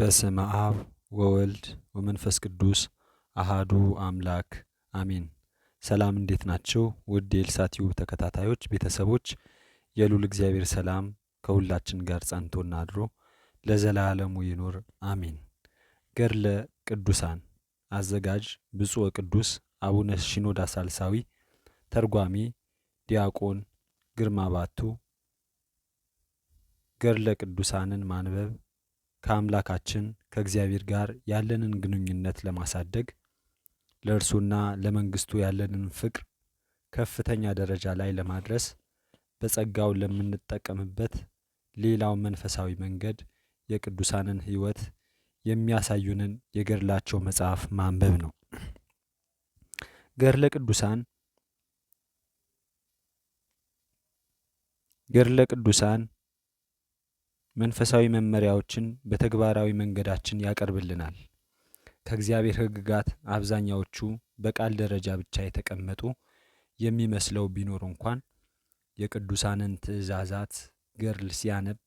በስመ አብ ወወልድ ወመንፈስ ቅዱስ አሃዱ አምላክ አሜን። ሰላም እንዴት ናቸው? ውድ የኤልሳቲዩብ ተከታታዮች ቤተሰቦች፣ የሉል እግዚአብሔር ሰላም ከሁላችን ጋር ጸንቶና አድሮ ለዘላለሙ ይኖር አሜን። ገድለ ቅዱሳን አዘጋጅ ብፁዕ ቅዱስ አቡነ ሺኖዳ ሳልሳዊ፣ ተርጓሚ ዲያቆን ግርማ ባቱ። ገድለ ቅዱሳንን ማንበብ ከአምላካችን ከእግዚአብሔር ጋር ያለንን ግንኙነት ለማሳደግ ለእርሱና ለመንግስቱ ያለንን ፍቅር ከፍተኛ ደረጃ ላይ ለማድረስ በጸጋው ለምንጠቀምበት ሌላው መንፈሳዊ መንገድ የቅዱሳንን ሕይወት የሚያሳዩንን የገድላቸው መጽሐፍ ማንበብ ነው። ገድለ ቅዱሳን ገድለ ቅዱሳን መንፈሳዊ መመሪያዎችን በተግባራዊ መንገዳችን ያቀርብልናል። ከእግዚአብሔር ህግጋት አብዛኛዎቹ በቃል ደረጃ ብቻ የተቀመጡ የሚመስለው ቢኖር እንኳን የቅዱሳንን ትእዛዛት ገርል ሲያነብ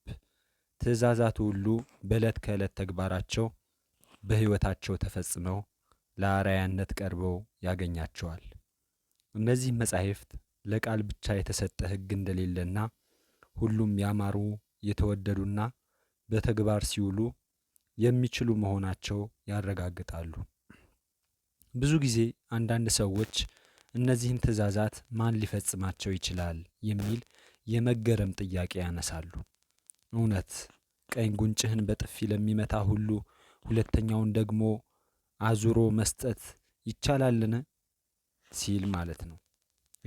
ትእዛዛቱ ሁሉ በዕለት ከዕለት ተግባራቸው በሕይወታቸው ተፈጽመው ለአርአያነት ቀርበው ያገኛቸዋል። እነዚህ መጻሕፍት ለቃል ብቻ የተሰጠ ሕግ እንደሌለና ሁሉም ያማሩ የተወደዱና በተግባር ሲውሉ የሚችሉ መሆናቸው ያረጋግጣሉ። ብዙ ጊዜ አንዳንድ ሰዎች እነዚህን ትእዛዛት ማን ሊፈጽማቸው ይችላል የሚል የመገረም ጥያቄ ያነሳሉ። እውነት ቀኝ ጉንጭህን በጥፊ ለሚመታ ሁሉ ሁለተኛውን ደግሞ አዙሮ መስጠት ይቻላልን? ሲል ማለት ነው።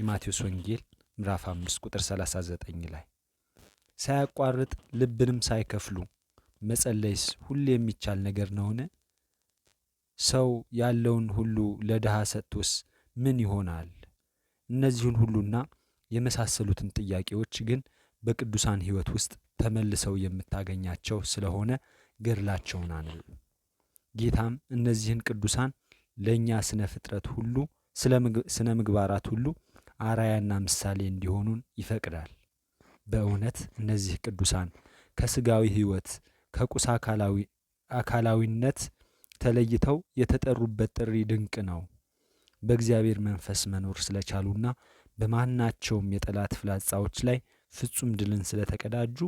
የማቴዎስ ወንጌል ምዕራፍ 5 ቁጥር 39 ላይ ሳያቋርጥ ልብንም ሳይከፍሉ መጸለይስ ሁሌ የሚቻል ነገር ነውን? ሰው ያለውን ሁሉ ለድሃ ሰጥቶስ ምን ይሆናል? እነዚህን ሁሉና የመሳሰሉትን ጥያቄዎች ግን በቅዱሳን ሕይወት ውስጥ ተመልሰው የምታገኛቸው ስለሆነ ገድላቸውን አንብብ። ጌታም እነዚህን ቅዱሳን ለእኛ ስነ ፍጥረት ሁሉ ስነ ምግባራት ሁሉ አራያና ምሳሌ እንዲሆኑን ይፈቅዳል። በእውነት እነዚህ ቅዱሳን ከስጋዊ ህይወት ከቁስ አካላዊነት ተለይተው የተጠሩበት ጥሪ ድንቅ ነው። በእግዚአብሔር መንፈስ መኖር ስለቻሉና በማናቸውም የጠላት ፍላጻዎች ላይ ፍጹም ድልን ስለተቀዳጁ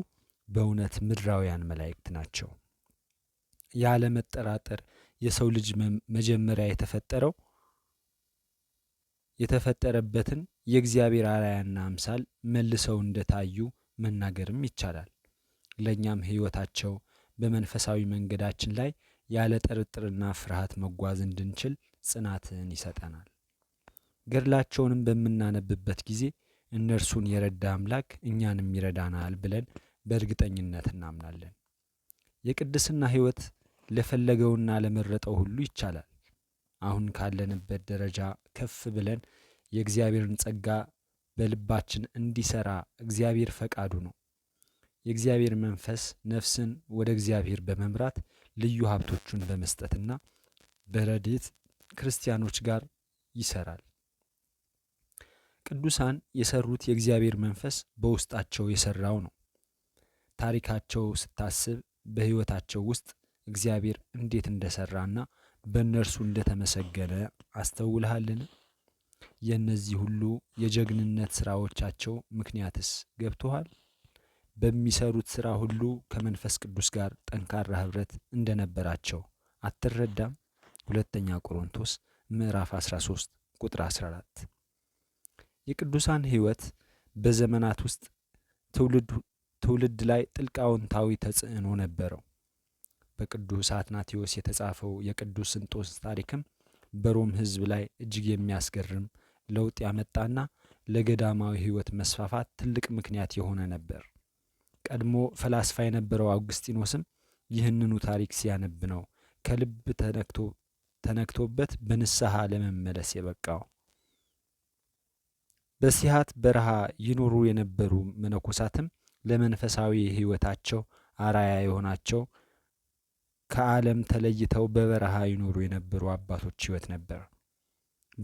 በእውነት ምድራውያን መላእክት ናቸው። ያለመጠራጠር የሰው ልጅ መጀመሪያ የተፈጠረው የተፈጠረበትን የእግዚአብሔር አርአያና አምሳል መልሰው እንደታዩ መናገርም ይቻላል። ለእኛም ሕይወታቸው በመንፈሳዊ መንገዳችን ላይ ያለ ጥርጥርና ፍርሃት መጓዝ እንድንችል ጽናትን ይሰጠናል። ገድላቸውንም በምናነብበት ጊዜ እነርሱን የረዳ አምላክ እኛንም ይረዳናል ብለን በእርግጠኝነት እናምናለን። የቅድስና ሕይወት ለፈለገውና ለመረጠው ሁሉ ይቻላል። አሁን ካለንበት ደረጃ ከፍ ብለን የእግዚአብሔርን ጸጋ በልባችን እንዲሰራ እግዚአብሔር ፈቃዱ ነው። የእግዚአብሔር መንፈስ ነፍስን ወደ እግዚአብሔር በመምራት ልዩ ሀብቶቹን በመስጠትና በረድኤት ክርስቲያኖች ጋር ይሰራል። ቅዱሳን የሰሩት የእግዚአብሔር መንፈስ በውስጣቸው የሰራው ነው። ታሪካቸው ስታስብ በሕይወታቸው ውስጥ እግዚአብሔር እንዴት እንደሰራና በእነርሱ እንደተመሰገነ አስተውልሃልን? የእነዚህ ሁሉ የጀግንነት ስራዎቻቸው ምክንያትስ ገብቶሃል? በሚሰሩት ስራ ሁሉ ከመንፈስ ቅዱስ ጋር ጠንካራ ኅብረት እንደነበራቸው አትረዳም? ሁለተኛ ቆሮንቶስ ምዕራፍ 13 ቁጥር 14። የቅዱሳን ሕይወት በዘመናት ውስጥ ትውልድ ላይ ጥልቅ አዎንታዊ ተጽዕኖ ነበረው። በቅዱስ አትናቴዎስ የተጻፈው የቅዱስ ስንጦስ ታሪክም በሮም ሕዝብ ላይ እጅግ የሚያስገርም ለውጥ ያመጣና ለገዳማዊ ሕይወት መስፋፋት ትልቅ ምክንያት የሆነ ነበር። ቀድሞ ፈላስፋ የነበረው አውግስጢኖስም ይህንኑ ታሪክ ሲያነብ ነው ከልብ ተነክቶበት በንስሐ ለመመለስ የበቃው። በሲሃት በረሃ ይኖሩ የነበሩ መነኮሳትም ለመንፈሳዊ ሕይወታቸው አራያ የሆናቸው ከዓለም ተለይተው በበረሃ ይኖሩ የነበሩ አባቶች ሕይወት ነበር።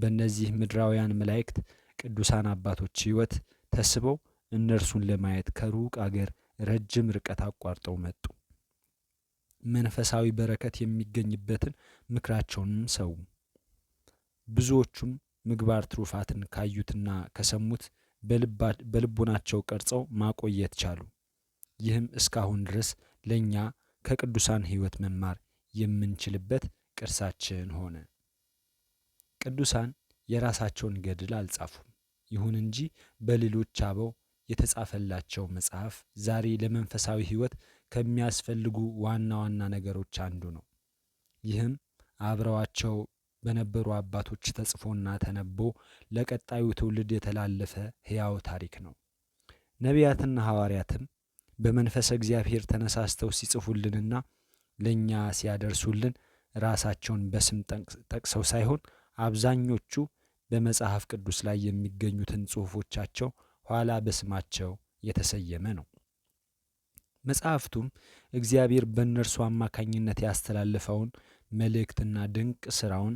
በእነዚህ ምድራውያን መላእክት ቅዱሳን አባቶች ሕይወት ተስበው እነርሱን ለማየት ከሩቅ አገር ረጅም ርቀት አቋርጠው መጡ። መንፈሳዊ በረከት የሚገኝበትን ምክራቸውንም ሰው ብዙዎቹም ምግባር ትሩፋትን ካዩትና ከሰሙት በልቦናቸው ቀርጸው ማቆየት ቻሉ። ይህም እስካሁን ድረስ ለእኛ ከቅዱሳን ሕይወት መማር የምንችልበት ቅርሳችን ሆነ። ቅዱሳን የራሳቸውን ገድል አልጻፉም። ይሁን እንጂ በሌሎች አበው የተጻፈላቸው መጽሐፍ ዛሬ ለመንፈሳዊ ሕይወት ከሚያስፈልጉ ዋና ዋና ነገሮች አንዱ ነው። ይህም አብረዋቸው በነበሩ አባቶች ተጽፎና ተነቦ ለቀጣዩ ትውልድ የተላለፈ ሕያው ታሪክ ነው። ነቢያትና ሐዋርያትም በመንፈሰ እግዚአብሔር ተነሳስተው ሲጽፉልንና ለእኛ ሲያደርሱልን ራሳቸውን በስም ጠቅሰው ሳይሆን አብዛኞቹ በመጽሐፍ ቅዱስ ላይ የሚገኙትን ጽሑፎቻቸው ኋላ በስማቸው የተሰየመ ነው። መጽሐፍቱም እግዚአብሔር በእነርሱ አማካኝነት ያስተላለፈውን መልእክትና ድንቅ ሥራውን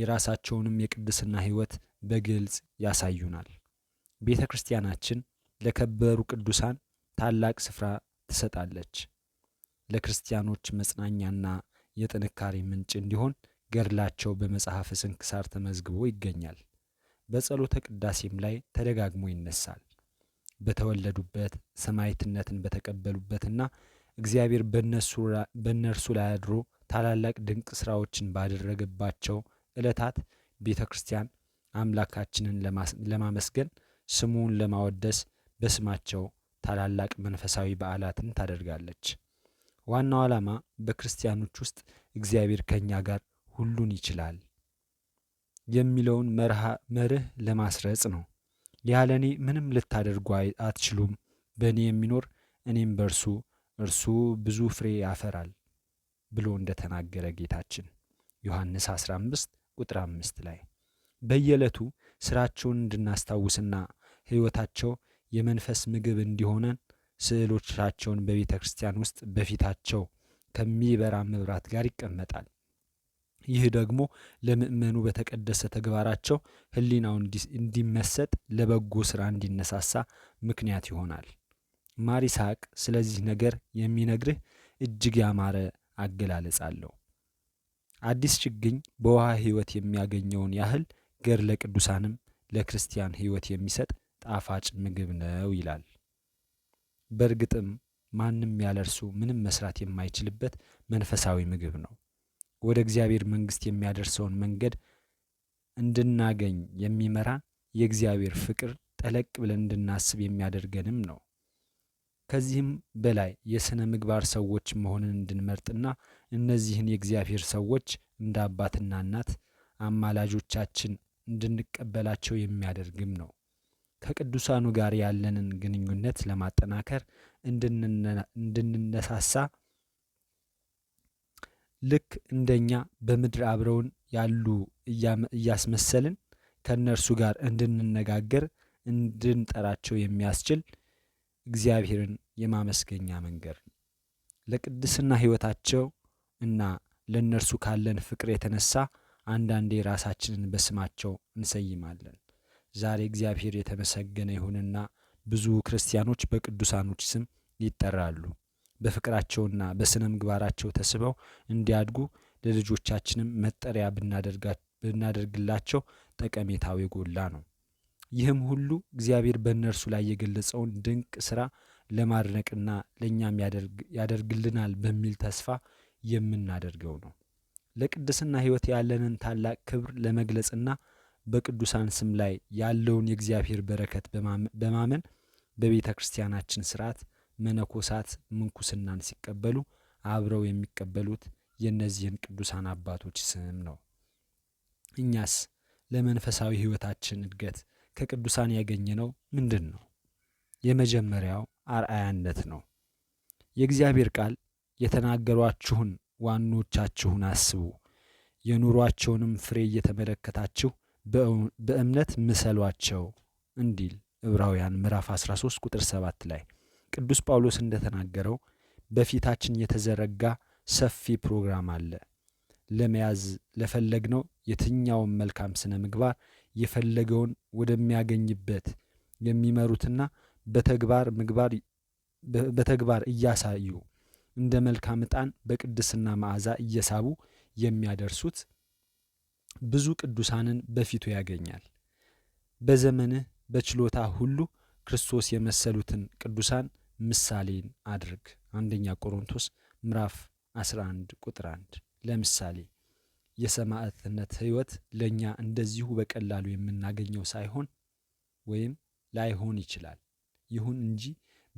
የራሳቸውንም የቅድስና ሕይወት በግልጽ ያሳዩናል። ቤተ ክርስቲያናችን ለከበሩ ቅዱሳን ታላቅ ስፍራ ትሰጣለች። ለክርስቲያኖች መጽናኛና የጥንካሬ ምንጭ እንዲሆን ገድላቸው በመጽሐፈ ስንክሳር ተመዝግቦ ይገኛል። በጸሎተ ቅዳሴም ላይ ተደጋግሞ ይነሳል። በተወለዱበት ሰማዕትነትን በተቀበሉበትና እግዚአብሔር በእነርሱ ላይ አድሮ ታላላቅ ድንቅ ስራዎችን ባደረገባቸው ዕለታት ቤተ ክርስቲያን አምላካችንን ለማመስገን ስሙን ለማወደስ በስማቸው ታላላቅ መንፈሳዊ በዓላትን ታደርጋለች። ዋናው ዓላማ በክርስቲያኖች ውስጥ እግዚአብሔር ከእኛ ጋር ሁሉን ይችላል የሚለውን መርህ ለማስረጽ ነው። ያለ እኔ ምንም ልታደርጉ አትችሉም፣ በእኔ የሚኖር እኔም በእርሱ እርሱ ብዙ ፍሬ ያፈራል ብሎ እንደተናገረ ጌታችን ዮሐንስ 15 ቁጥር 5 ላይ በየዕለቱ ስራቸውን እንድናስታውስና ሕይወታቸው የመንፈስ ምግብ እንዲሆነን ስዕሎቻቸውን በቤተ ክርስቲያን ውስጥ በፊታቸው ከሚበራ መብራት ጋር ይቀመጣል። ይህ ደግሞ ለምእመኑ በተቀደሰ ተግባራቸው ሕሊናው እንዲመሰጥ ለበጎ ስራ እንዲነሳሳ ምክንያት ይሆናል። ማር ይስሐቅ ስለዚህ ነገር የሚነግርህ እጅግ ያማረ አገላለጽ አለው። አዲስ ችግኝ በውሃ ሕይወት የሚያገኘውን ያህል ገድለ ቅዱሳንም ለክርስቲያን ሕይወት የሚሰጥ ጣፋጭ ምግብ ነው ይላል። በእርግጥም ማንም ያለ እርሱ ምንም መስራት የማይችልበት መንፈሳዊ ምግብ ነው። ወደ እግዚአብሔር መንግሥት የሚያደርሰውን መንገድ እንድናገኝ የሚመራ የእግዚአብሔር ፍቅር ጠለቅ ብለን እንድናስብ የሚያደርገንም ነው። ከዚህም በላይ የሥነ ምግባር ሰዎች መሆንን እንድንመርጥና እነዚህን የእግዚአብሔር ሰዎች እንደ አባትና እናት አማላጆቻችን እንድንቀበላቸው የሚያደርግም ነው። ከቅዱሳኑ ጋር ያለንን ግንኙነት ለማጠናከር እንድንነሳሳ ልክ እንደኛ በምድር አብረውን ያሉ እያስመሰልን ከእነርሱ ጋር እንድንነጋገር እንድንጠራቸው የሚያስችል እግዚአብሔርን የማመስገኛ መንገድ ነው። ለቅድስና ሕይወታቸው እና ለእነርሱ ካለን ፍቅር የተነሳ አንዳንዴ ራሳችንን በስማቸው እንሰይማለን። ዛሬ እግዚአብሔር የተመሰገነ ይሁንና ብዙ ክርስቲያኖች በቅዱሳኖች ስም ይጠራሉ። በፍቅራቸውና በስነ ምግባራቸው ተስበው እንዲያድጉ ለልጆቻችንም መጠሪያ ብናደርግላቸው ጠቀሜታው የጎላ ነው። ይህም ሁሉ እግዚአብሔር በእነርሱ ላይ የገለጸውን ድንቅ ሥራ ለማድነቅና ለእኛም ያደርግልናል በሚል ተስፋ የምናደርገው ነው። ለቅድስና ሕይወት ያለንን ታላቅ ክብር ለመግለጽና በቅዱሳን ስም ላይ ያለውን የእግዚአብሔር በረከት በማመን በቤተ ክርስቲያናችን ስርዓት መነኮሳት ምንኩስናን ሲቀበሉ አብረው የሚቀበሉት የእነዚህን ቅዱሳን አባቶች ስም ነው። እኛስ ለመንፈሳዊ ሕይወታችን እድገት ከቅዱሳን ያገኘነው ምንድን ነው? የመጀመሪያው አርአያነት ነው። የእግዚአብሔር ቃል የተናገሯችሁን ዋኖቻችሁን አስቡ፣ የኑሯቸውንም ፍሬ እየተመለከታችሁ በእምነት ምሰሏቸው እንዲል ዕብራውያን ምዕራፍ 13 ቁጥር 7 ላይ ቅዱስ ጳውሎስ እንደተናገረው በፊታችን የተዘረጋ ሰፊ ፕሮግራም አለ። ለመያዝ ለፈለግነው የትኛውን መልካም ስነ ምግባር የፈለገውን ወደሚያገኝበት የሚመሩትና በተግባር ምግባር በተግባር እያሳዩ እንደ መልካም ዕጣን በቅድስና መዓዛ እየሳቡ የሚያደርሱት ብዙ ቅዱሳንን በፊቱ ያገኛል። በዘመንህ በችሎታ ሁሉ ክርስቶስ የመሰሉትን ቅዱሳን ምሳሌን አድርግ። አንደኛ ቆሮንቶስ ምዕራፍ 11 ቁጥር 1። ለምሳሌ የሰማዕትነት ሕይወት ለእኛ እንደዚሁ በቀላሉ የምናገኘው ሳይሆን ወይም ላይሆን ይችላል። ይሁን እንጂ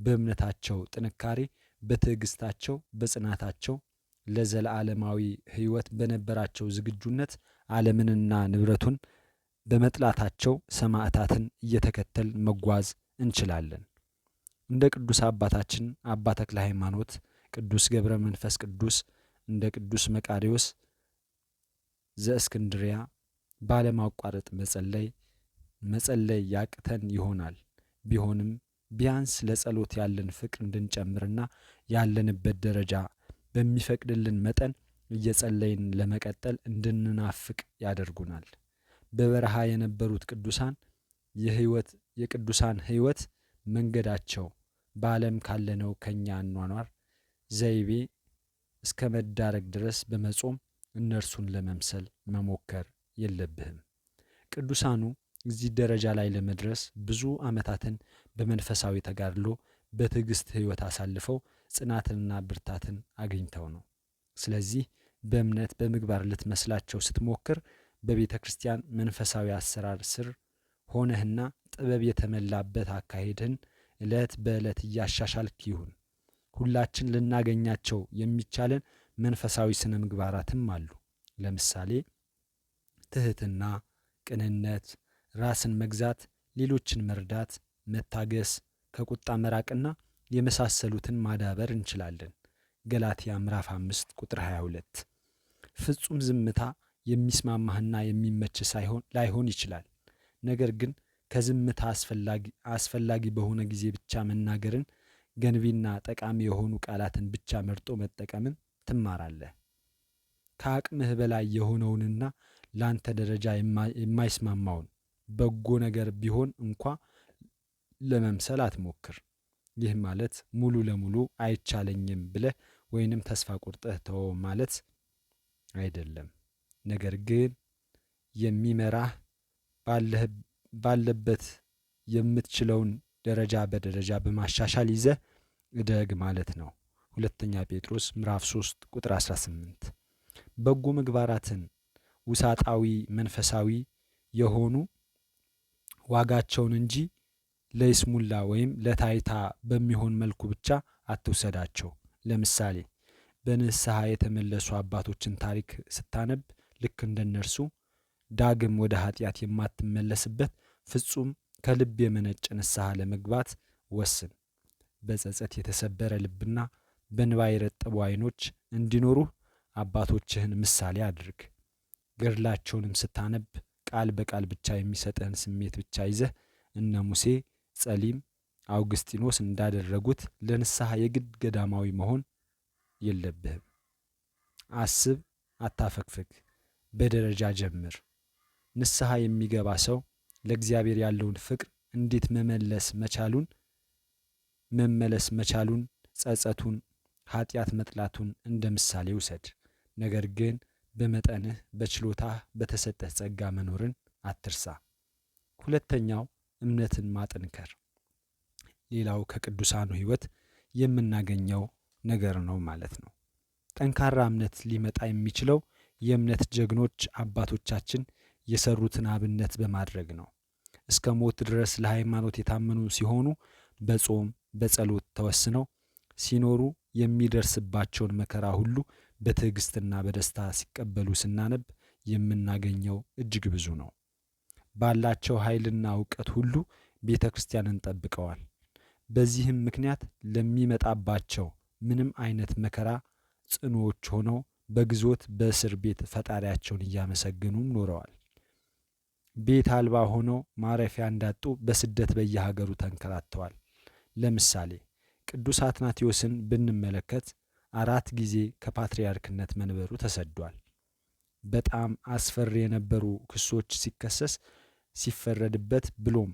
በእምነታቸው ጥንካሬ፣ በትዕግስታቸው፣ በጽናታቸው ለዘላለማዊ ሕይወት በነበራቸው ዝግጁነት ዓለምንና ንብረቱን በመጥላታቸው ሰማዕታትን እየተከተል መጓዝ እንችላለን። እንደ ቅዱስ አባታችን አባ ተክለ ሃይማኖት፣ ቅዱስ ገብረ መንፈስ ቅዱስ፣ እንደ ቅዱስ መቃሪዎስ ዘእስክንድሪያ ባለማቋረጥ መጸለይ መጸለይ ያቅተን ይሆናል። ቢሆንም ቢያንስ ለጸሎት ያለን ፍቅር እንድንጨምርና ያለንበት ደረጃ በሚፈቅድልን መጠን እየጸለይን ለመቀጠል እንድንናፍቅ ያደርጉናል። በበረሃ የነበሩት ቅዱሳን የህይወት የቅዱሳን ህይወት መንገዳቸው በዓለም ካለነው ከእኛ አኗኗር ዘይቤ እስከ መዳረግ ድረስ በመጾም እነርሱን ለመምሰል መሞከር የለብህም። ቅዱሳኑ እዚህ ደረጃ ላይ ለመድረስ ብዙ ዓመታትን በመንፈሳዊ ተጋድሎ በትዕግሥት ሕይወት አሳልፈው ጽናትንና ብርታትን አግኝተው ነው። ስለዚህ በእምነት በምግባር ልትመስላቸው ስትሞክር በቤተ ክርስቲያን መንፈሳዊ አሰራር ስር ሆነህና ጥበብ የተመላበት አካሄድህን ዕለት በዕለት እያሻሻልክ ይሁን። ሁላችን ልናገኛቸው የሚቻለን መንፈሳዊ ስነ ምግባራትም አሉ። ለምሳሌ ትህትና፣ ቅንነት፣ ራስን መግዛት፣ ሌሎችን መርዳት፣ መታገስ፣ ከቁጣ መራቅና የመሳሰሉትን ማዳበር እንችላለን። ገላትያ ምዕራፍ 5 ቁጥር 22 ፍጹም ዝምታ የሚስማማህና የሚመች ሳይሆን ላይሆን ይችላል። ነገር ግን ከዝምታ አስፈላጊ አስፈላጊ በሆነ ጊዜ ብቻ መናገርን ገንቢና ጠቃሚ የሆኑ ቃላትን ብቻ መርጦ መጠቀምን ትማራለህ። ከአቅምህ በላይ የሆነውንና ላንተ ደረጃ የማይስማማውን በጎ ነገር ቢሆን እንኳ ለመምሰል አትሞክር። ይህ ማለት ሙሉ ለሙሉ አይቻለኝም ብለህ ወይንም ተስፋ ቁርጠህ ተወው ማለት አይደለም። ነገር ግን የሚመራህ ባለበት የምትችለውን ደረጃ በደረጃ በማሻሻል ይዘህ እደግ ማለት ነው። ሁለተኛ ጴጥሮስ ምዕራፍ 3 ቁጥር 18 በጎ ምግባራትን ውሳጣዊ መንፈሳዊ የሆኑ ዋጋቸውን እንጂ ለይስሙላ ወይም ለታይታ በሚሆን መልኩ ብቻ አትውሰዳቸው። ለምሳሌ በንስሐ የተመለሱ አባቶችን ታሪክ ስታነብ ልክ እንደነርሱ ዳግም ወደ ኃጢአት የማትመለስበት ፍጹም ከልብ የመነጨ ንስሐ ለመግባት ወስን። በጸጸት የተሰበረ ልብና በንባ የረጠቡ ዓይኖች እንዲኖሩ አባቶችህን ምሳሌ አድርግ። ገድላቸውንም ስታነብ ቃል በቃል ብቻ የሚሰጥህን ስሜት ብቻ ይዘህ እነ ሙሴ ጸሊም አውግስጢኖስ እንዳደረጉት ለንስሐ የግድ ገዳማዊ መሆን የለብህም። አስብ፣ አታፈግፍግ፣ በደረጃ ጀምር። ንስሐ የሚገባ ሰው ለእግዚአብሔር ያለውን ፍቅር እንዴት መመለስ መቻሉን መመለስ መቻሉን ጸጸቱን፣ ኃጢአት መጥላቱን እንደ ምሳሌ ውሰድ። ነገር ግን በመጠንህ በችሎታህ በተሰጠህ ጸጋ መኖርን አትርሳ። ሁለተኛው እምነትን ማጠንከር ሌላው ከቅዱሳኑ ሕይወት የምናገኘው ነገር ነው ማለት ነው። ጠንካራ እምነት ሊመጣ የሚችለው የእምነት ጀግኖች አባቶቻችን የሰሩትን አብነት በማድረግ ነው። እስከ ሞት ድረስ ለሃይማኖት የታመኑ ሲሆኑ በጾም በጸሎት ተወስነው ሲኖሩ የሚደርስባቸውን መከራ ሁሉ በትዕግስትና በደስታ ሲቀበሉ ስናነብ የምናገኘው እጅግ ብዙ ነው። ባላቸው ኃይልና እውቀት ሁሉ ቤተ ክርስቲያንን ጠብቀዋል። በዚህም ምክንያት ለሚመጣባቸው ምንም አይነት መከራ ጽኑዎች ሆነው በግዞት በእስር ቤት ፈጣሪያቸውን እያመሰገኑም ኖረዋል። ቤት አልባ ሆነው ማረፊያ እንዳጡ በስደት በየሀገሩ ተንከራተዋል። ለምሳሌ ቅዱስ አትናቴዎስን ብንመለከት አራት ጊዜ ከፓትርያርክነት መንበሩ ተሰዷል። በጣም አስፈሪ የነበሩ ክሶች ሲከሰስ ሲፈረድበት ብሎም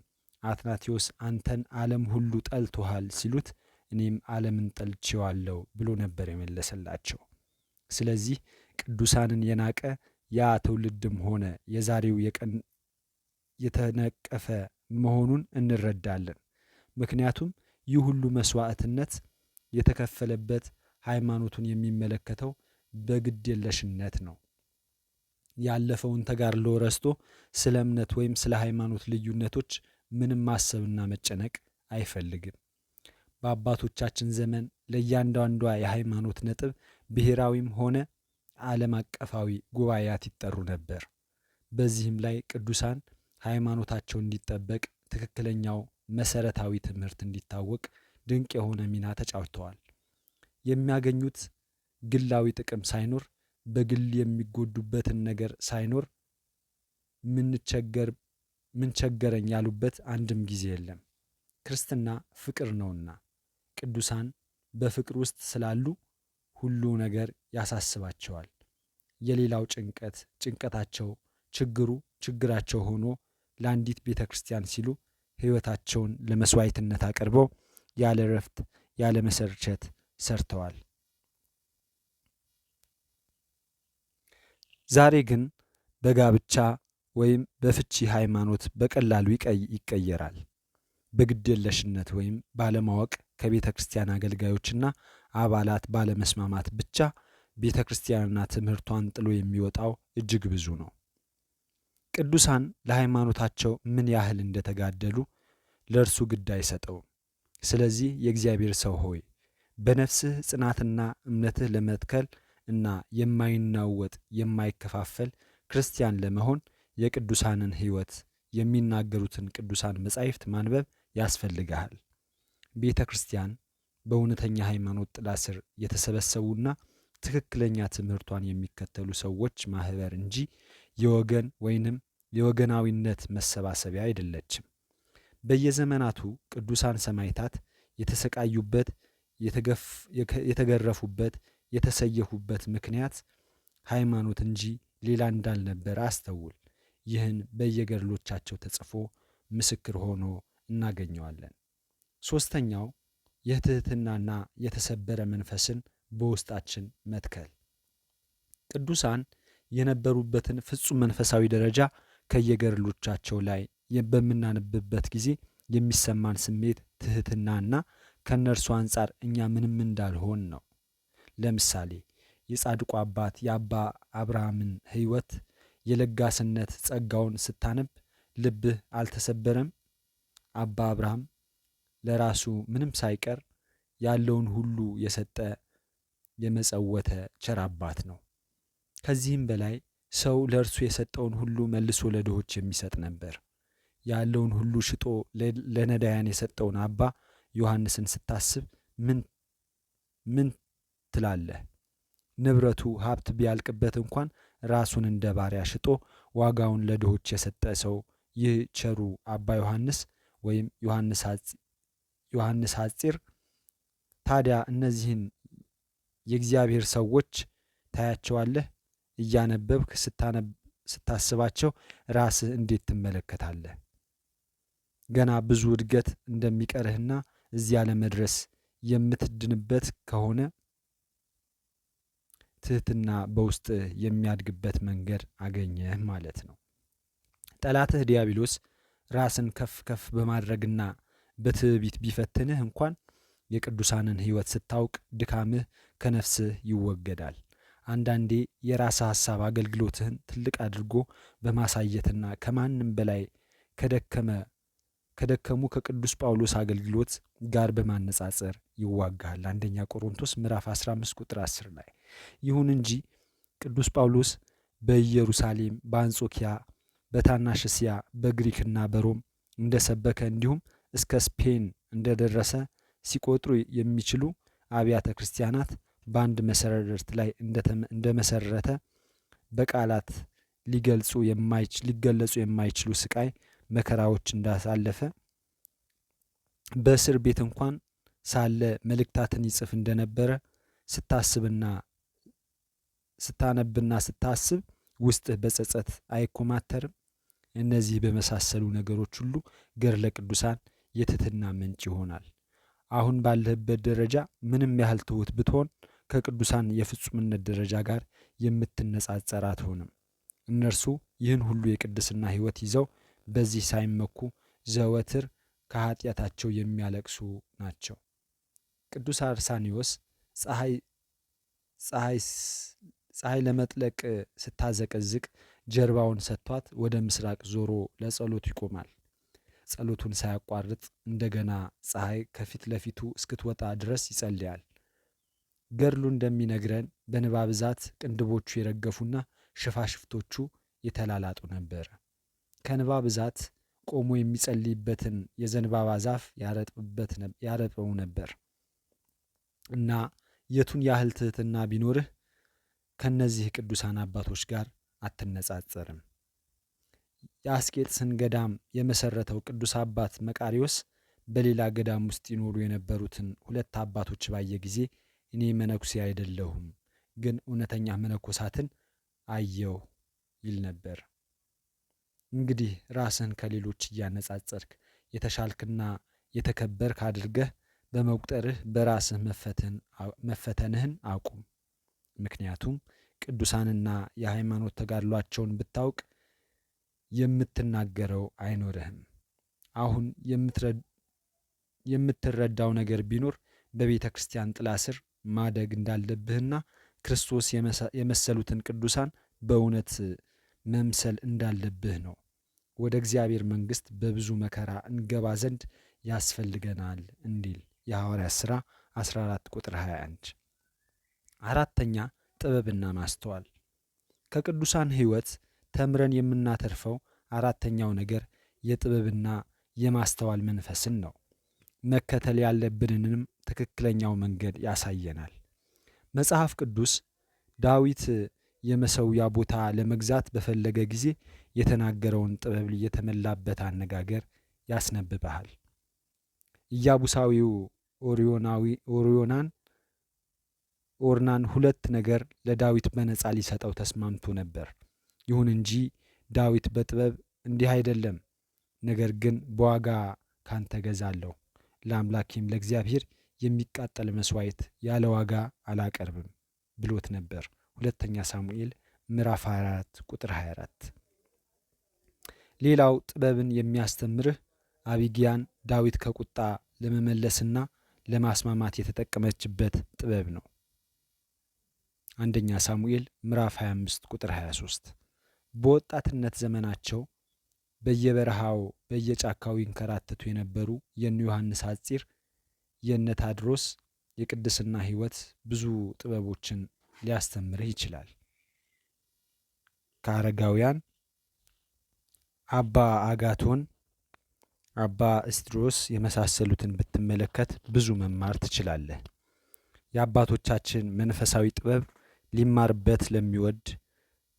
አትናቴዎስ አንተን ዓለም ሁሉ ጠልቶሃል ሲሉት እኔም ዓለምን ጠልቼዋለሁ ብሎ ነበር የመለሰላቸው። ስለዚህ ቅዱሳንን የናቀ ያ ትውልድም ሆነ የዛሬው የቀን የተነቀፈ መሆኑን እንረዳለን። ምክንያቱም ይህ ሁሉ መስዋዕትነት የተከፈለበት ሃይማኖቱን የሚመለከተው በግዴለሽነት ነው። ያለፈውን ተጋድሎ ረስቶ ስለ እምነት ወይም ስለ ሃይማኖት ልዩነቶች ምንም ማሰብና መጨነቅ አይፈልግም። በአባቶቻችን ዘመን ለእያንዳንዷ የሃይማኖት ነጥብ ብሔራዊም ሆነ ዓለም አቀፋዊ ጉባኤያት ይጠሩ ነበር። በዚህም ላይ ቅዱሳን ሃይማኖታቸው እንዲጠበቅ ትክክለኛው መሰረታዊ ትምህርት እንዲታወቅ ድንቅ የሆነ ሚና ተጫውተዋል። የሚያገኙት ግላዊ ጥቅም ሳይኖር በግል የሚጎዱበትን ነገር ሳይኖር ምን ያሉበት አንድም ጊዜ የለም። ክርስትና ፍቅር ነውና ቅዱሳን በፍቅር ውስጥ ስላሉ ሁሉ ነገር ያሳስባቸዋል። የሌላው ጭንቀት ጭንቀታቸው፣ ችግሩ ችግራቸው ሆኖ ለአንዲት ቤተ ክርስቲያን ሲሉ ሕይወታቸውን ለመስዋዕትነት አቅርበው ያለ እረፍት ያለ መሰርቸት ሰርተዋል። ዛሬ ግን በጋብቻ ወይም በፍቺ ሃይማኖት በቀላሉ ይቀየራል። በግድየለሽነት ወይም ባለማወቅ ከቤተ ክርስቲያን አገልጋዮችና አባላት ባለመስማማት ብቻ ቤተ ክርስቲያንና ትምህርቷን ጥሎ የሚወጣው እጅግ ብዙ ነው። ቅዱሳን ለሃይማኖታቸው ምን ያህል እንደተጋደሉ ለእርሱ ግድ አይሰጠውም። ስለዚህ የእግዚአብሔር ሰው ሆይ በነፍስህ ጽናትና እምነትህ ለመትከል እና የማይናወጥ የማይከፋፈል ክርስቲያን ለመሆን የቅዱሳንን ሕይወት የሚናገሩትን ቅዱሳን መጻሕፍት ማንበብ ያስፈልግሃል። ቤተ ክርስቲያን በእውነተኛ ሃይማኖት ጥላ ስር የተሰበሰቡና ትክክለኛ ትምህርቷን የሚከተሉ ሰዎች ማህበር እንጂ የወገን ወይንም የወገናዊነት መሰባሰቢያ አይደለችም። በየዘመናቱ ቅዱሳን ሰማዕታት የተሰቃዩበት፣ የተገረፉበት፣ የተሰየፉበት ምክንያት ሃይማኖት እንጂ ሌላ እንዳልነበረ አስተውል። ይህን በየገድሎቻቸው ተጽፎ ምስክር ሆኖ እናገኘዋለን። ሶስተኛው የትህትናና የተሰበረ መንፈስን በውስጣችን መትከል። ቅዱሳን የነበሩበትን ፍጹም መንፈሳዊ ደረጃ ከየገድሎቻቸው ላይ በምናነብበት ጊዜ የሚሰማን ስሜት ትህትናና ከእነርሱ አንጻር እኛ ምንም እንዳልሆን ነው። ለምሳሌ የጻድቁ አባት የአባ አብርሃምን ሕይወት የለጋስነት ጸጋውን ስታነብ ልብህ አልተሰበረም? አባ አብርሃም ለራሱ ምንም ሳይቀር ያለውን ሁሉ የሰጠ የመጸወተ ቸር አባት ነው። ከዚህም በላይ ሰው ለእርሱ የሰጠውን ሁሉ መልሶ ለድሆች የሚሰጥ ነበር። ያለውን ሁሉ ሽጦ ለነዳያን የሰጠውን አባ ዮሐንስን ስታስብ ምን ምን ትላለህ? ንብረቱ ሀብት ቢያልቅበት እንኳን ራሱን እንደ ባሪያ ሽጦ ዋጋውን ለድሆች የሰጠ ሰው ይህ ቸሩ አባ ዮሐንስ ወይም ዮሐንስ ዮሐንስ ሐፂር ታዲያ እነዚህን የእግዚአብሔር ሰዎች ታያቸዋለህ? እያነበብክ ስታስባቸው ራስህ እንዴት ትመለከታለህ? ገና ብዙ እድገት እንደሚቀርህና እዚያ ለመድረስ የምትድንበት ከሆነ ትህትና በውስጥ የሚያድግበት መንገድ አገኘህ ማለት ነው። ጠላትህ ዲያብሎስ ራስን ከፍ ከፍ በማድረግና በትዕቢት ቢፈትንህ እንኳን የቅዱሳንን ሕይወት ስታውቅ ድካምህ ከነፍስህ ይወገዳል። አንዳንዴ የራስ ሐሳብ አገልግሎትህን ትልቅ አድርጎ በማሳየትና ከማንም በላይ ከደከመ ከደከሙ ከቅዱስ ጳውሎስ አገልግሎት ጋር በማነጻጸር ይዋጋል። አንደኛ ቆሮንቶስ ምዕራፍ 15 ቁጥር 10 ላይ። ይሁን እንጂ ቅዱስ ጳውሎስ በኢየሩሳሌም፣ በአንጾኪያ፣ በታናሽ እስያ፣ በግሪክና በሮም እንደሰበከ እንዲሁም እስከ ስፔን እንደደረሰ ሲቆጥሩ የሚችሉ አብያተ ክርስቲያናት በአንድ መሰረት ላይ እንደመሰረተ በቃላት ሊገልጹ ሊገለጹ የማይችሉ ስቃይ መከራዎች እንዳሳለፈ በእስር ቤት እንኳን ሳለ መልእክታትን ይጽፍ እንደነበረ ስታስብና ስታነብና ስታስብ ውስጥ በጸጸት አይኮማተርም። እነዚህ በመሳሰሉ ነገሮች ሁሉ ገድለ ቅዱሳን የትህትና ምንጭ ይሆናል። አሁን ባለህበት ደረጃ ምንም ያህል ትውት ብትሆን ከቅዱሳን የፍጹምነት ደረጃ ጋር የምትነጻጸር አትሆንም። እነርሱ ይህን ሁሉ የቅድስና ሕይወት ይዘው በዚህ ሳይመኩ ዘወትር ከኃጢአታቸው የሚያለቅሱ ናቸው። ቅዱስ አርሳኒዎስ ፀሐይ ለመጥለቅ ስታዘቀዝቅ ጀርባውን ሰጥቷት ወደ ምስራቅ ዞሮ ለጸሎት ይቆማል። ጸሎቱን ሳያቋርጥ እንደገና ፀሐይ ከፊት ለፊቱ እስክትወጣ ድረስ ይጸልያል። ገድሉ እንደሚነግረን በንባ ብዛት ቅንድቦቹ የረገፉና ሽፋሽፍቶቹ የተላላጡ ነበረ። ከንባ ብዛት ቆሞ የሚጸልይበትን የዘንባባ ዛፍ ያረጥበው ነበር እና የቱን ያህል ትህትና ቢኖርህ ከእነዚህ ቅዱሳን አባቶች ጋር አትነጻጸርም። የአስቄጥስን ገዳም የመሰረተው ቅዱስ አባት መቃሪዎስ በሌላ ገዳም ውስጥ ይኖሩ የነበሩትን ሁለት አባቶች ባየ ጊዜ እኔ መነኩሴ አይደለሁም፣ ግን እውነተኛ መነኮሳትን አየው ይል ነበር። እንግዲህ ራስህን ከሌሎች እያነጻጸርክ የተሻልክና የተከበርክ አድርገህ በመቁጠርህ በራስህ መፈተንህን አቁም። ምክንያቱም ቅዱሳንና የሃይማኖት ተጋድሏቸውን ብታውቅ የምትናገረው አይኖርህም። አሁን የምትረዳው ነገር ቢኖር በቤተ ክርስቲያን ጥላ ስር ማደግ እንዳለብህና ክርስቶስ የመሰሉትን ቅዱሳን በእውነት መምሰል እንዳለብህ ነው። ወደ እግዚአብሔር መንግሥት በብዙ መከራ እንገባ ዘንድ ያስፈልገናል እንዲል የሐዋርያት ሥራ 14 ቁጥር 21። አራተኛ ጥበብና ማስተዋል ከቅዱሳን ሕይወት ተምረን የምናተርፈው አራተኛው ነገር የጥበብና የማስተዋል መንፈስን ነው። መከተል ያለብንንም ትክክለኛው መንገድ ያሳየናል። መጽሐፍ ቅዱስ ዳዊት የመሠዊያ ቦታ ለመግዛት በፈለገ ጊዜ የተናገረውን ጥበብ የተመላበት አነጋገር ያስነብበሃል። ኢያቡሳዊው ኦሪዮናን ኦርናን ሁለት ነገር ለዳዊት በነፃ ሊሰጠው ተስማምቶ ነበር። ይሁን እንጂ ዳዊት በጥበብ እንዲህ አይደለም፣ ነገር ግን በዋጋ ካንተ ገዛለሁ፣ ለአምላኬም ለእግዚአብሔር የሚቃጠል መስዋይት ያለ ዋጋ አላቀርብም ብሎት ነበር። ሁለተኛ ሳሙኤል ምዕራፍ 24 ቁጥር 24። ሌላው ጥበብን የሚያስተምርህ አቢጊያን ዳዊት ከቁጣ ለመመለስና ለማስማማት የተጠቀመችበት ጥበብ ነው። አንደኛ ሳሙኤል ምዕራፍ 25 ቁጥር 23 በወጣትነት ዘመናቸው በየበረሃው በየጫካው ይንከራተቱ የነበሩ የነ ዮሐንስ ሐጺር የነ ታድሮስ የቅድስና ሕይወት ብዙ ጥበቦችን ሊያስተምርህ ይችላል። ከአረጋውያን አባ አጋቶን፣ አባ እስድሮስ የመሳሰሉትን ብትመለከት ብዙ መማር ትችላለህ። የአባቶቻችን መንፈሳዊ ጥበብ ሊማርበት ለሚወድ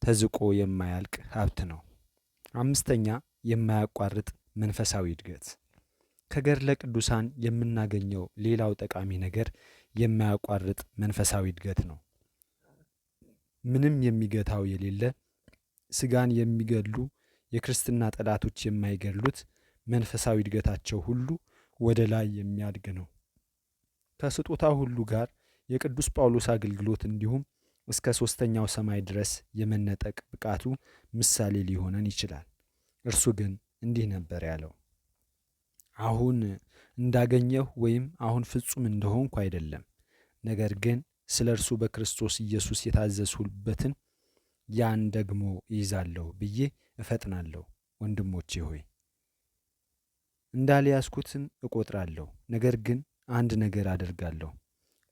ተዝቆ የማያልቅ ሀብት ነው። አምስተኛ የማያቋርጥ መንፈሳዊ እድገት ከገድለ ቅዱሳን የምናገኘው ሌላው ጠቃሚ ነገር የማያቋርጥ መንፈሳዊ እድገት ነው። ምንም የሚገታው የሌለ ስጋን የሚገድሉ የክርስትና ጠላቶች የማይገድሉት መንፈሳዊ እድገታቸው ሁሉ ወደ ላይ የሚያድግ ነው። ከስጦታ ሁሉ ጋር የቅዱስ ጳውሎስ አገልግሎት እንዲሁም እስከ ሦስተኛው ሰማይ ድረስ የመነጠቅ ብቃቱ ምሳሌ ሊሆነን ይችላል። እርሱ ግን እንዲህ ነበር ያለው፣ አሁን እንዳገኘሁ ወይም አሁን ፍጹም እንደሆንኩ አይደለም፣ ነገር ግን ስለ እርሱ በክርስቶስ ኢየሱስ የታዘዝሁበትን ያን ደግሞ ይይዛለሁ ብዬ እፈጥናለሁ። ወንድሞቼ ሆይ እንዳልያስኩትን እቆጥራለሁ፣ ነገር ግን አንድ ነገር አደርጋለሁ፣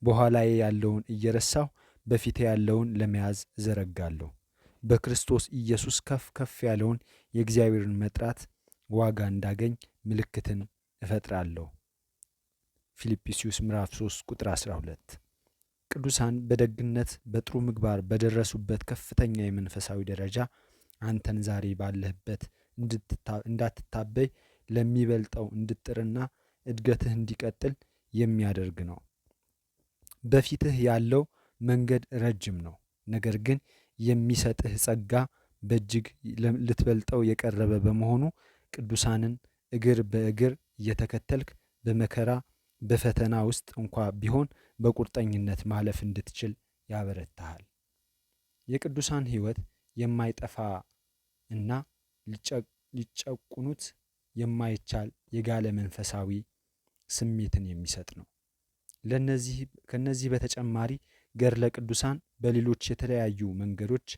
በኋላዬ ያለውን እየረሳሁ በፊቴ ያለውን ለመያዝ እዘረጋለሁ። በክርስቶስ ኢየሱስ ከፍ ከፍ ያለውን የእግዚአብሔርን መጥራት ዋጋ እንዳገኝ ምልክትን እፈጥራለሁ። ፊልጵስዩስ ምዕራፍ 3 ቁጥር 12። ቅዱሳን በደግነት በጥሩ ምግባር በደረሱበት ከፍተኛ የመንፈሳዊ ደረጃ አንተን ዛሬ ባለህበት እንዳትታበይ ለሚበልጠው እንድጥርና እድገትህ እንዲቀጥል የሚያደርግ ነው። በፊትህ ያለው መንገድ ረጅም ነው፣ ነገር ግን የሚሰጥህ ጸጋ በእጅግ ልትበልጠው የቀረበ በመሆኑ ቅዱሳንን እግር በእግር እየተከተልክ በመከራ በፈተና ውስጥ እንኳ ቢሆን በቁርጠኝነት ማለፍ እንድትችል ያበረታሃል። የቅዱሳን ሕይወት የማይጠፋ እና ሊጨቁኑት የማይቻል የጋለ መንፈሳዊ ስሜትን የሚሰጥ ነው። ለነዚህ ከነዚህ በተጨማሪ ገድለ ቅዱሳን በሌሎች የተለያዩ መንገዶች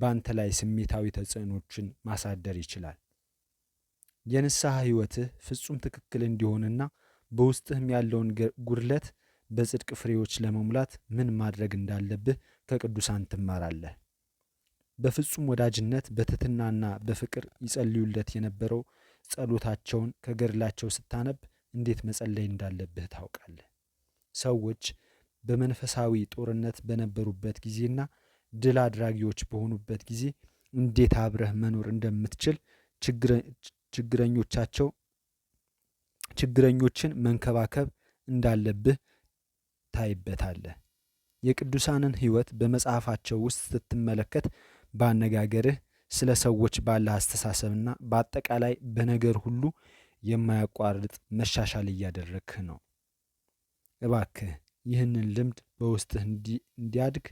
በአንተ ላይ ስሜታዊ ተጽዕኖችን ማሳደር ይችላል። የንስሐ ሕይወትህ ፍጹም ትክክል እንዲሆንና በውስጥህም ያለውን ጉድለት በጽድቅ ፍሬዎች ለመሙላት ምን ማድረግ እንዳለብህ ከቅዱሳን ትማራለህ። በፍጹም ወዳጅነት በትህትናና በፍቅር ይጸልዩለት የነበረው ጸሎታቸውን ከገድላቸው ስታነብ እንዴት መጸለይ እንዳለብህ ታውቃለህ። ሰዎች በመንፈሳዊ ጦርነት በነበሩበት ጊዜና ድል አድራጊዎች በሆኑበት ጊዜ እንዴት አብረህ መኖር እንደምትችል ችግረኞቻቸው ችግረኞችን መንከባከብ እንዳለብህ ታይበታለህ። የቅዱሳንን ሕይወት በመጽሐፋቸው ውስጥ ስትመለከት በአነጋገርህ ስለ ሰዎች ባለ አስተሳሰብና በአጠቃላይ በነገር ሁሉ የማያቋርጥ መሻሻል እያደረግህ ነው። እባክህ ይህንን ልምድ በውስጥህ እንዲያድግ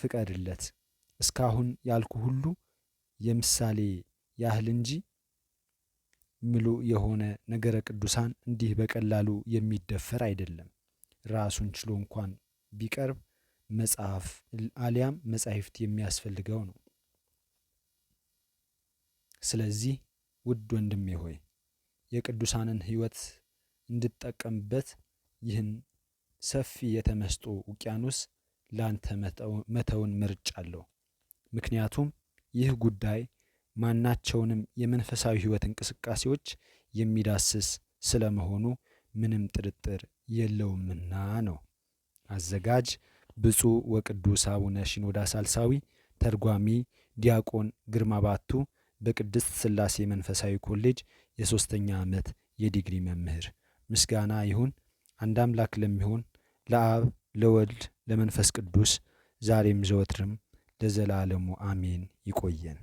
ፍቀድለት። እስካሁን ያልኩ ሁሉ የምሳሌ ያህል እንጂ ምሉ የሆነ ነገረ ቅዱሳን እንዲህ በቀላሉ የሚደፈር አይደለም። ራሱን ችሎ እንኳን ቢቀርብ መጽሐፍ አሊያም መጻሕፍት የሚያስፈልገው ነው። ስለዚህ ውድ ወንድሜ ሆይ የቅዱሳንን ሕይወት እንድጠቀምበት ይህን ሰፊ የተመስጦ ውቅያኖስ ላንተ መተውን ምርጫ አለው ምክንያቱም ይህ ጉዳይ ማናቸውንም የመንፈሳዊ ሕይወት እንቅስቃሴዎች የሚዳስስ ስለመሆኑ ምንም ጥርጥር የለውምና ነው። አዘጋጅ ብፁዕ ወቅዱስ አቡነ ሺኖዳ ሳልሳዊ፣ ተርጓሚ ዲያቆን ግርማ ባቱ፣ በቅድስት ሥላሴ መንፈሳዊ ኮሌጅ የሦስተኛ ዓመት የዲግሪ መምህር። ምስጋና ይሁን አንድ አምላክ ለሚሆን ለአብ ለወልድ ለመንፈስ ቅዱስ ዛሬም ዘወትርም ለዘላለሙ አሜን። ይቆየን።